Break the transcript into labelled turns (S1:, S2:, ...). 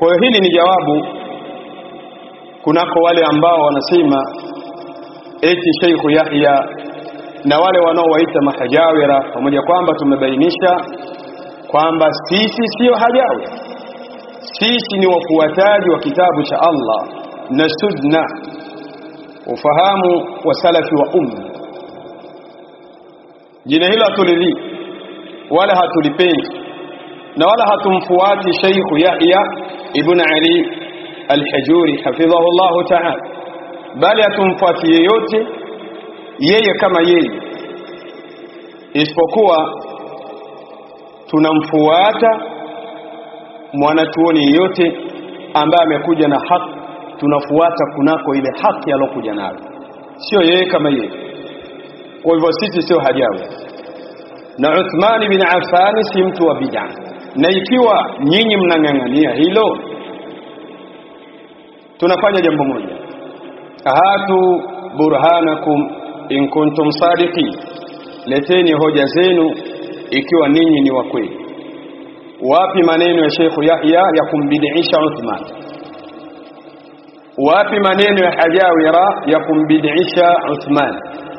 S1: Kwa hiyo hili ni jawabu kunako wale ambao wanasema eti Sheikh Yahya na wale wanaowaita mahajawira, pamoja kwamba tumebainisha kwamba sisi siyo hajawira, sisi ni wafuataji wa kitabu cha Allah na sunna, ufahamu wa salafi wa umma. Jina hilo hatulidhii wala hatulipendi na wala hatumfuati Sheikh Yahya ibn Ali al-Hajuri hafidhahullahu ta'ala, bali hatumfuati yeyote yeye kama yeye, isipokuwa tunamfuata mwanatuoni yeyote ambaye amekuja na haki, tunafuata kunako ile haki aliyokuja nayo, sio yeye kama yeye. Kwa hivyo sisi sio hajawi, na Uthman bin Affan si mtu wa bid'ah na ikiwa nyinyi mnang'ang'ania hilo, tunafanya jambo moja, hatu burhanakum in kuntum sadiqin, leteni hoja zenu ikiwa ninyi ni wa kweli. Wapi maneno ya Sheikh Yahya ya kumbidisha Uthman? Wapi maneno ya Hajawira ya kumbidisha Uthman?